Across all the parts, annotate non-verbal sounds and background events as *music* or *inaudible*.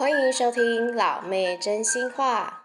歡迎收聽老妹真心話，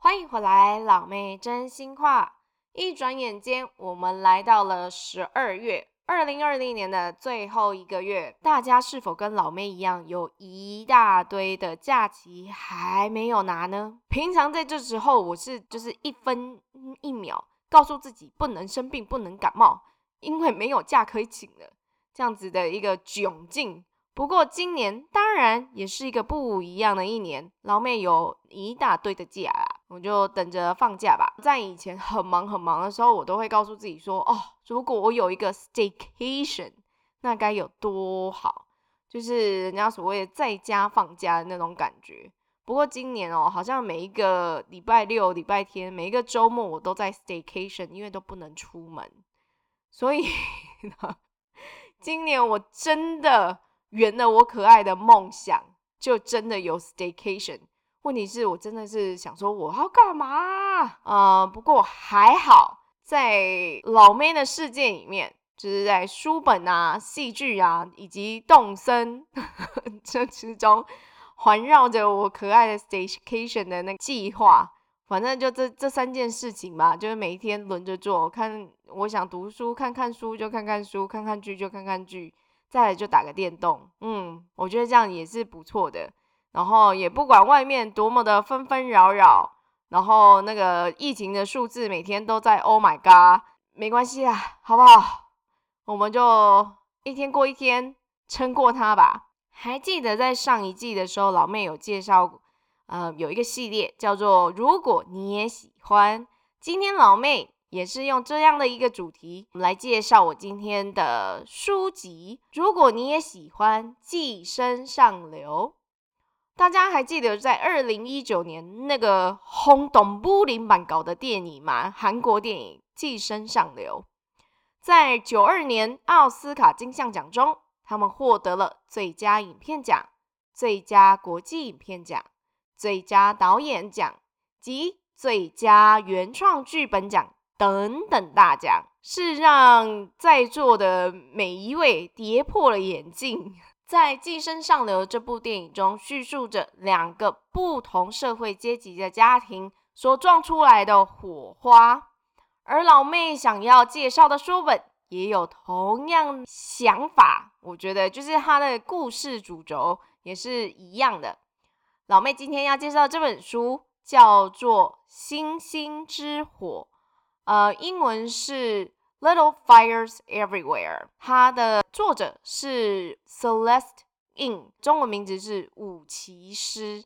歡迎回來，老妹真心話。一轉眼間，我們來到了十二月，二零二零年的最後一個月，大家是否跟老妹一樣，有一大堆的假期還沒有拿呢？平常在這時候，我是就是一分一秒告訴自己不能生病，不能感冒，因為沒有假可以請了。這樣子的一個窘境。不過今年當然也是一個不一樣的一年，老妹有一大堆的假啦，我就等着放假吧。在以前很忙很忙的時候，我都會告訴自己說：“哦，如果我有一個 staycation，那該有多好！”就是人家所謂的在家放假的那種感覺。不過今年哦，好像每一個禮拜六、禮拜天，每一個周末，我都在 staycation，因為都不能出門，所以 *laughs* 今年我真的圓了我可愛的夢想，就真的有 staycation。問題是我真的是想說我要幹嘛啊，呃？不過還好，在老 man 的世界裡面，就是在書本啊、戲劇啊以及動森這 *laughs* 之中，環繞着我可愛的 staycation 的那個計劃。反正就這這三件事情吧，就是每一天輪着做。看，我想讀書，看看書就看看書，看看劇就看看劇，再來就打個電動。嗯，我覺得這樣也是不錯的。然後也不管外面多麼的紛紛擾擾，然後那個疫情的數字每天都在。Oh my god，沒關係啊，好不好？我們就一天過一天，撐過它吧。還記得在上一季的時候，老妹有介紹。呃，有一個系列叫做“如果你也喜歡”，今天老妹也是用這樣的一個主題，我們來介紹我今天的書籍。如果你也喜歡《寄生上流》，大家還記得在二零一九年那個轟動柏林版搞的電影嗎？韓國電影《寄生上流》在九二年奧斯卡金像獎中，他們獲得了最佳影片獎、最佳國際影片獎，最佳導演獎及最佳原創劇本獎等等大獎，是讓在座的每一位跌破了眼鏡。在《寄生上流》這部電影中，敘述着兩個不同社會階級的家庭所撞出來的火花，而老妹想要介紹的書本也有同樣想法。我覺得，就是她的故事主軸也是一樣的。老妹今天要介紹這本書叫做《星星之火》，呃，英文是《Little Fires Everywhere》。它的作者是 Celeste Ng，中文名字是伍綺詩。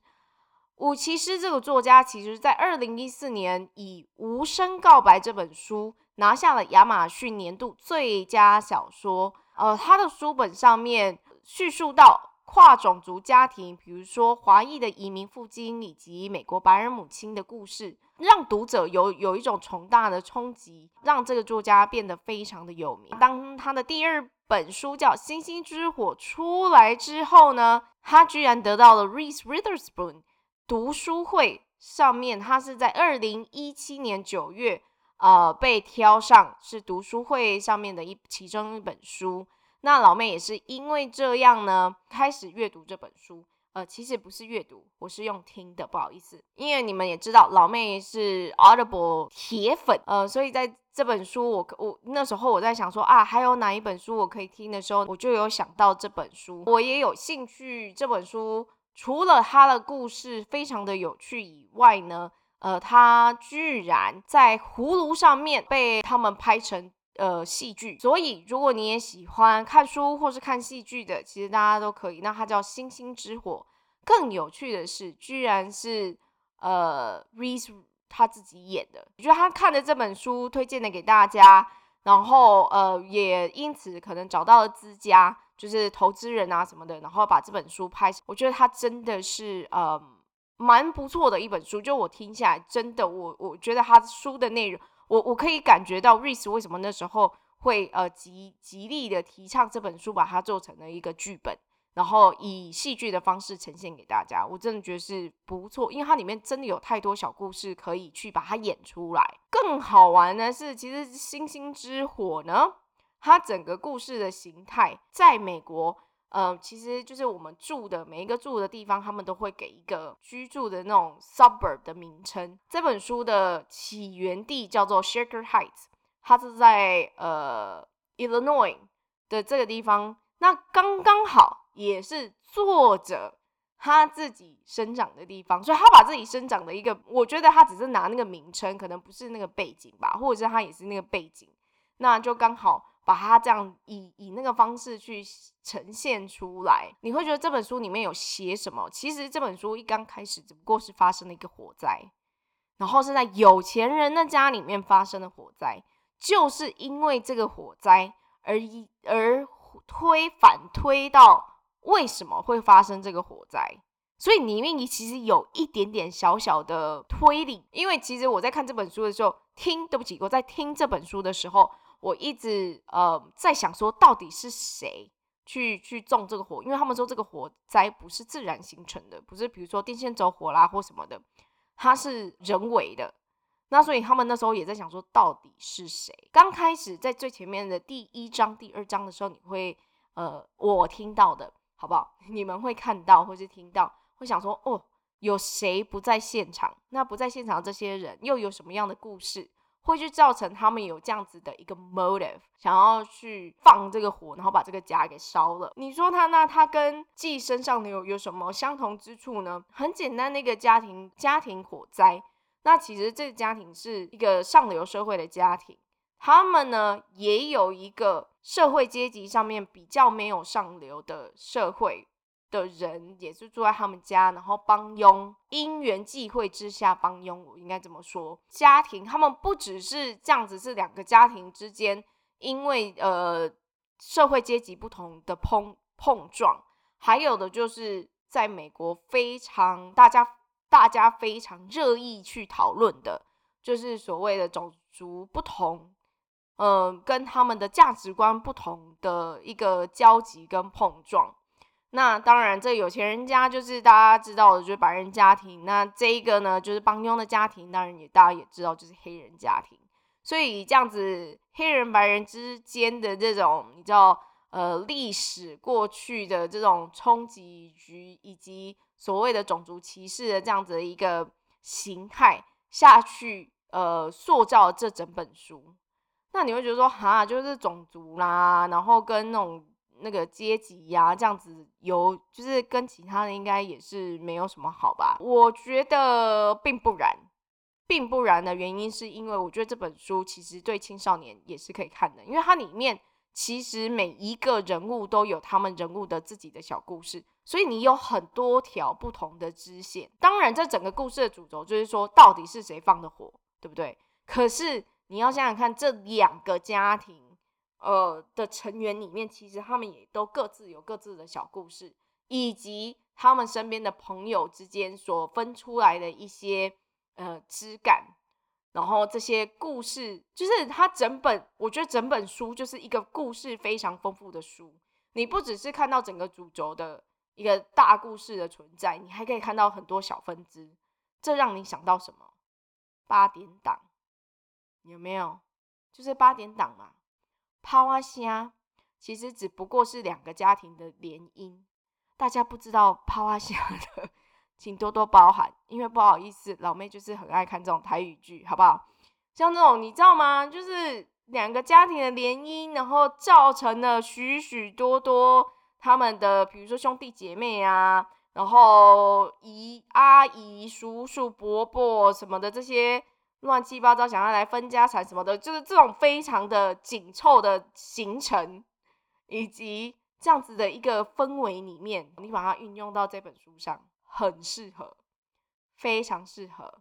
伍綺詩這個作家其實在二零一四年以《無聲告白》這本書拿下了亞馬遜年度最佳小說。呃，他的書本上面敘述到。跨種族家庭，比如說華裔的移民父親，以及美國白人母親的故事，讓讀者有有一種重大的衝擊，讓這個作家變得非常的有名。當他的第二本書叫《星星之火》出來之後呢，他居然得到了 Reese Witherspoon 讀書會上面，他是在二零一七年九月，呃，被挑上，是讀書會上面的一其中一本書。那老妹也是因為這樣呢，開始閱讀這本書。呃,其實不是閱讀，我是用聽的，不好意思。因為你們也知道，老妹是 Audible 鐵粉，呃，所以在這本書，我我那時候我在想說啊，還有哪一本書我可以聽的時候，我就有想到這本書。我也有興趣這本書，除了它的故事非常的有趣以外呢，呃，它居然在 Hulu 上面被他們拍成。呃，戲劇。所以，如果你也喜歡看書或是看戲劇的，其實大家都可以。那它叫《星星之火》。更有趣的是，居然是呃，Reese 他自己演的。我覺得他看的這本書推薦的給大家，然後呃，也因此可能找到了資家，就是投資人啊什麼的，然後把這本書拍。我覺得他真的是呃，蠻不錯的一本書。就我聽下來，真的，我我覺得他書的內容。我我可以感覺到，Reese 為什麼那時候會呃極極力的提倡這本書，把它做成了一個劇本，然後以戲劇的方式呈現給大家。我真的覺得是不錯，因為它裡面真的有太多小故事可以去把它演出來。更好玩的是，其實《星星之火》呢，它整個故事的形態在美國。呃，其實就是我們住的每一個住的地方，他們都會給一個居住的那種 suburb 的名稱。這本書的起源地叫做 Shaker Heights，它是在呃 Illinois 的這個地方。那剛剛好也是作者他自己生長的地方，所以他把自己生長的一個，我覺得他只是拿那個名稱，可能不是那個背景吧，或者是他也是那個背景，那就剛好。把它這樣以以那個方式去呈現出來，你會覺得這本書裡面有寫什麼？其實這本書一剛開始只不過是發生了一個火災，然後是在有錢人的家裡面發生的火災，就是因為這個火災而一而推反推到為什麼會發生這個火災，所以裡面你其實有一點點小小的推理。因為其實我在看這本書的時候，聽對不起，我在聽這本書的時候。我一直呃在想說，到底是誰去去種這個火？因為他們說這個火災不是自然形成的，不是比如說電線走火啦或什麼的，它是人為的。那所以他們那時候也在想說，到底是誰？剛開始在最前面的第一章、第二章的時候，你會呃我聽到的好不好？你們會看到或是聽到，會想說哦，有誰不在現場？那不在現場這些人又有什麼樣的故事？會去造成他們有這樣子的一個 motive，想要去放這個火，然後把這個家給燒了。你說他那他跟寄生上流有什麼相同之處呢？很簡單，那個家庭家庭火災，那其實這個家庭是一個上流社會的家庭，他們呢也有一個社會階級上面比較沒有上流的社會。的人也是住在他們家，然後幫傭。因緣際會之下幫傭，我應該怎麼說？家庭他們不只是這樣子，是兩個家庭之間，因為呃社會階級不同的碰碰撞，還有的就是在美國非常大家大家非常熱議去討論的，就是所謂的種族不同，嗯、呃，跟他們的價值觀不同的一個交集跟碰撞。那當然，這有錢人家就是大家知道的，就是白人家庭。那這一個呢，就是幫傭的家庭，當然也大家也知道，就是黑人家庭。所以這樣子，黑人白人之間的這種，你知道，呃，歷史過去的這種衝擊局，以及所謂的種族歧視的這樣子的一個形態下去，呃，塑造這整本書。那你會覺得說，哈，就是種族啦，然後跟那種。那個階級呀、啊，這樣子有，就是跟其他人應該也是沒有什麼好吧？我覺得並不然，並不然的原因是因為我覺得這本書其實對青少年也是可以看的，因為它裡面其實每一個人物都有他們人物的自己的小故事，所以你有很多條不同的支線。當然，這整個故事的主軸就是說到底是誰放的火，對不對？可是你要想想看，這兩個家庭。呃的成員裡面，其實他們也都各自有各自的小故事，以及他們身邊的朋友之間所分出來的一些呃枝幹。然後這些故事，就是他整本，我覺得整本書就是一個故事非常豐富的書。你不只是看到整個主軸的一個大故事的存在，你還可以看到很多小分支。這讓你想到什麼？八點檔有沒有？就是八點檔嘛。泡蛙蝦，其實只不過是兩個家庭的聯姻。大家不知道泡蛙蝦的，請多多包涵，因為不好意思，老妹就是很愛看這種台語劇，好不好？像這種你知道嗎？就是兩個家庭的聯姻，然後造成了許許多多他們的，比如說兄弟姐妹啊，然後姨阿姨、叔叔伯伯什麼的這些。亂七八糟，想要來分家產什麼的，就是這種非常的緊湊的行程，以及這樣子的一個氛圍裡面，你把它運用到這本書上，很適合，非常適合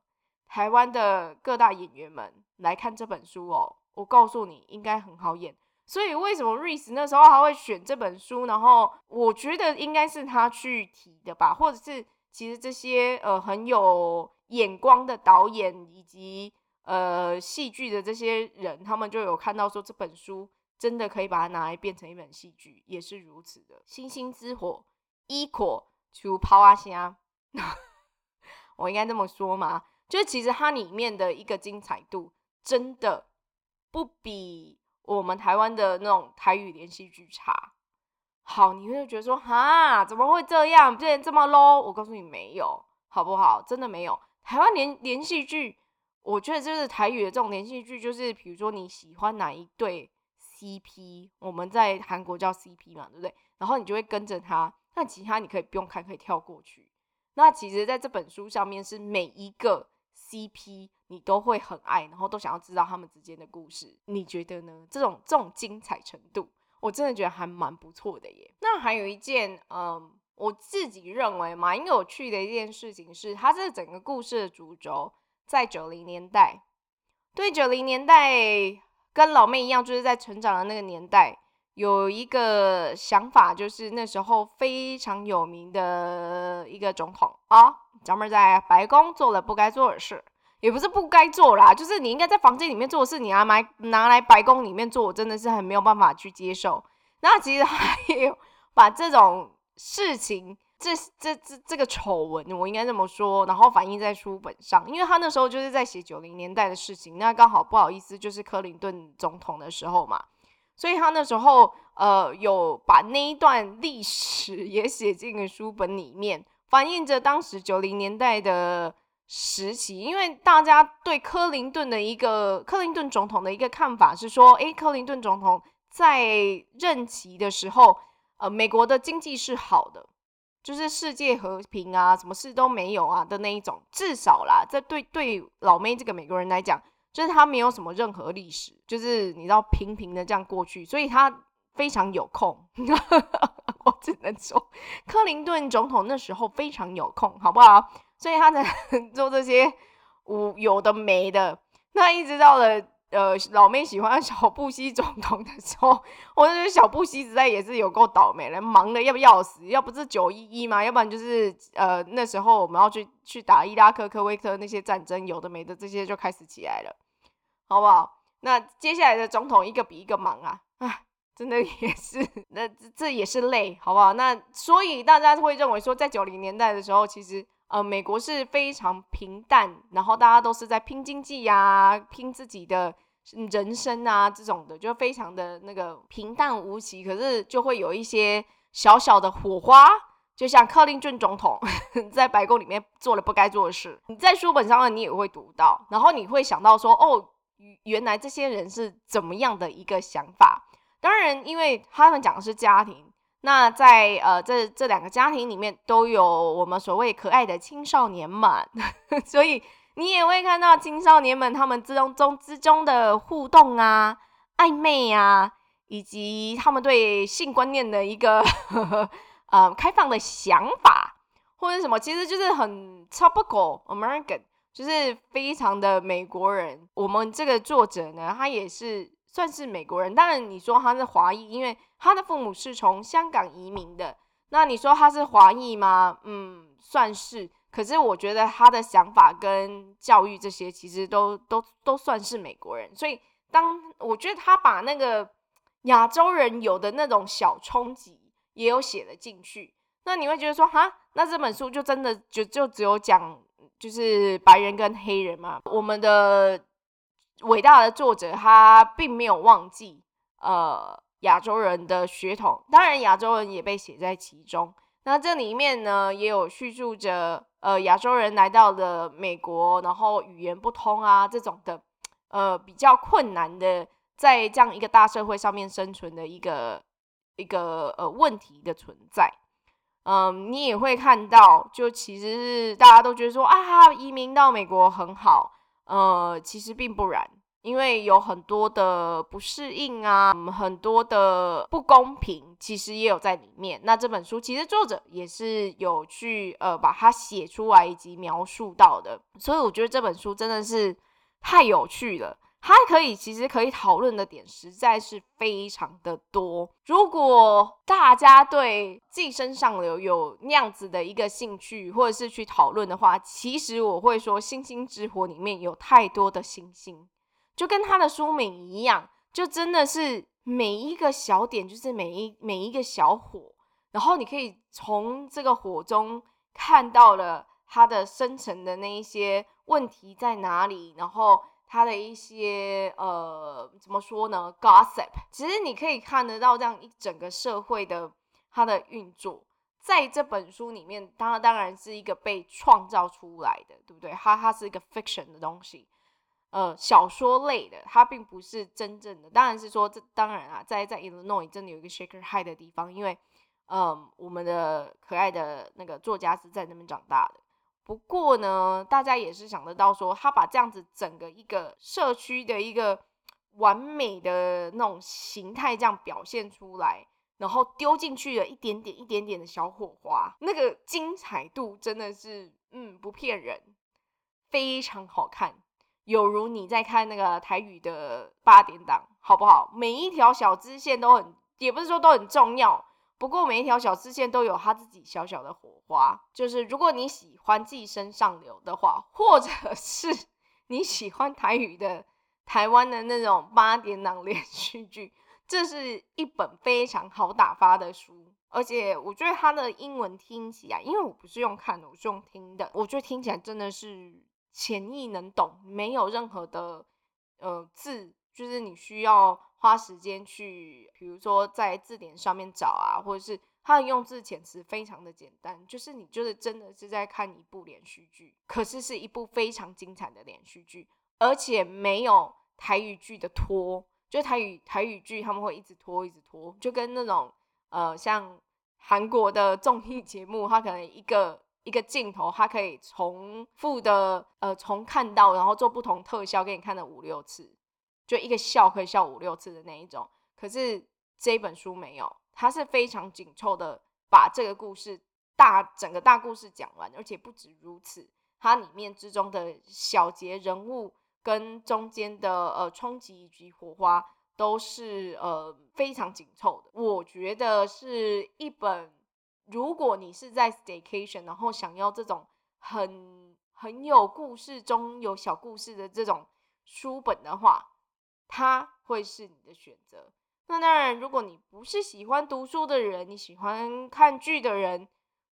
台灣的各大演員們來看這本書哦、喔。我告訴你，應該很好演。所以為什麼 Reese 那時候他會選這本書？然後我覺得應該是他去提的吧，或者是其實這些呃很有，眼光的導演以及呃戲劇的這些人，他們就有看到說這本書真的可以把它拿來變成一本戲劇，也是如此的《星星之火》火。一火出泡阿星啊， *laughs* 我應該這麼說嗎？就是其實它裡面的一個精彩度，真的不比我們台灣的那種台語連續劇差。好，你會覺得說哈，怎麼會這樣？竟然這麼 low？我告訴你沒有，好不好？真的沒有。台灣連連續劇，我覺得就是台語的這種連續劇，就是比如說你喜歡哪一對 CP，我們在韓國叫 CP 嘛，對不對？然後你就會跟着他，那其他你可以不用看，可以跳過去。那其實，在這本書上面，是每一個 CP 你都會很愛，然後都想要知道他們之間的故事。你覺得呢？這種這種精彩程度，我真的覺得還蠻不錯的耶。那還有一件，嗯。我自己認為蠻有趣的一件事情是，它是整個故事的主軸，在九零年代。對，九零年代跟老妹一樣，就是在成長的那個年代，有一個想法，就是那時候非常有名的一個總統啊，咱們在白宮做了不該做的事，也不是不該做啦、啊，就是你應該在房間裡面做的事，你拿來拿來白宮裡面做，我真的是很沒有辦法去接受。那其實還有把這種。事情這這這這個醜聞，我應該這麼說，然後反映在書本上，因為他那時候就是在寫九零年代的事情，那剛好不好意思，就是克林頓總統的時候嘛，所以他那時候呃有把那一段歷史也寫進了書本裡面，反映着當時九零年代的時期，因為大家對克林頓的一個克林頓總統的一個看法是說，誒，克林頓總統在任期的時候。呃、美國的經濟是好的，就是世界和平啊，什麼事都沒有啊的那一種。至少啦，這對對老美這個美國人來講，就是他沒有什麼任何歷史，就是你知道平平的這樣過去，所以他非常有空。 *laughs* 我只能說，克林頓總統那時候非常有空，好不好？所以他才能做這些無有的沒的。那一直到了。呃，老妹喜歡小布希總統的時候，我就覺得小布希實在也是有夠倒霉了，忙的要不要死，要不是九一一嘛，要不然就是呃那時候我們要去去打伊拉克、科威特那些戰爭，有的沒的這些就開始起來了，好不好？那接下來的總統一個比一個忙啊啊，真的也是，那這，這也是累，好不好？那所以大家會認為說，在九零年代的時候，其實呃美國是非常平淡，然後大家都是在拼經濟呀、啊，拼自己的。人生啊，這種的就非常的那個平淡無奇，可是就會有一些小小的火花，就像克林頓總統在白宮裡面做了不該做的事。你在書本上你也會讀到，然後你會想到說，哦，原來這些人是怎麼樣的一個想法。當然，因為他們講的是家庭，那在呃這這兩個家庭裡面都有我們所謂可愛的青少年嘛，呵呵所以。你也會看到青少年們他們之中中之中的互動啊、曖昧啊，以及他們對性觀念的一個 *laughs* 呃開放的想法，或者什麼，其實就是很 topical American，就是非常的美國人。我們這個作者呢，他也是算是美國人，當然你說他是華裔，因為他的父母是從香港移民的，那你說他是華裔嗎？嗯。算是，可是我覺得他的想法跟教育這些，其實都都都算是美國人。所以當我覺得他把那個亞洲人有的那種小衝擊也有寫了進去，那你會覺得說，哈，那這本書就真的就就只有講就是白人跟黑人嘛？我們的偉大的作者他並沒有忘記，呃，亞洲人的血統，當然亞洲人也被寫在其中。那這裡面呢，也有敘述着，呃，亞洲人來到了美國，然後語言不通啊，這種的，呃，比較困難的，在這樣一個大社會上面生存的一個一個呃問題的存在。嗯、呃，你也會看到，就其實是大家都覺得說啊，移民到美國很好，呃，其實並不然。因為有很多的不適應啊，嗯，很多的不公平，其實也有在裡面。那這本書其實作者也是有去呃把它寫出來以及描述到的，所以我覺得這本書真的是太有趣了。它可以，其實可以討論的點實在是非常的多。如果大家對《寄生上流》有那樣子的一個興趣，或者是去討論的話，其實我會說《星星之火》裡面有太多的星星。就跟他的書名一樣，就真的是每一個小點，就是每一每一個小火，然後你可以從這個火中看到了他的深層的那一些問題在哪裡，然後他的一些呃怎麼說呢？Gossip，其實你可以看得到這樣一整個社會的它的運作，在這本書裡面，它當然是一個被創造出來的，對不對？他它是一個 fiction 的東西。呃，小說類的，它並不是真正的。當然是說，這當然啊，在在 Illinois 真的有一個 Shaker High 的地方，因為，嗯、呃，我們的可愛的那個作家是在那邊長大的。不過呢，大家也是想得到說，他把這樣子整個一個社區的一個完美的那種形態這樣表現出來，然後丟進去了一點點、一點點的小火花，那個精彩度真的是，嗯，不騙人，非常好看。有如你在看那個台語的八點檔，好不好？每一條小支線都很，也不是說都很重要，不過每一條小支線都有他自己小小的火花。就是如果你喜歡寄生上流的話，或者是你喜歡台語的台灣的那種八點檔連續劇，這是一本非常好打發的書。而且我覺得它的英文聽起來，因為我不是用看的，我是用聽的，我覺得聽起來真的是。淺易能懂，沒有任何的呃字，就是你需要花時間去，比如說在字典上面找啊，或者是它的用字遣詞非常的簡單，就是你就是真的是在看一部連續劇，可是是一部非常精彩的連續劇，而且沒有台語劇的拖，就台語台語劇他們會一直拖一直拖，就跟那種呃像韓國的綜藝節目，他可能一個。一個鏡頭，它可以重複的呃，從看到然後做不同特效給你看的五六次，就一個笑可以笑五六次的那一種。可是這本書沒有，它是非常緊湊的把這個故事大整個大故事講完，而且不止如此，它裡面之中的小節人物跟中間的呃衝擊以及火花都是呃非常緊湊的。我覺得是一本。如果你是在 staycation，然後想要這種很很有故事、中有小故事的這種書本的話，它會是你的選擇。那當然，如果你不是喜歡讀書的人，你喜歡看劇的人，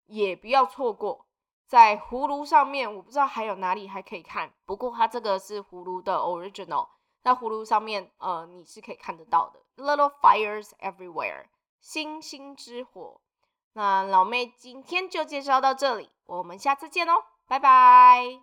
也不要錯過。在 Hulu 上面，我不知道還有哪裡還可以看。不過它這個是 Hulu 的 original，在 Hulu 上面呃你是可以看得到的。Little Fires Everywhere，星星之火。那老妹今天就介紹到這裡，我們下次見嘍，拜拜。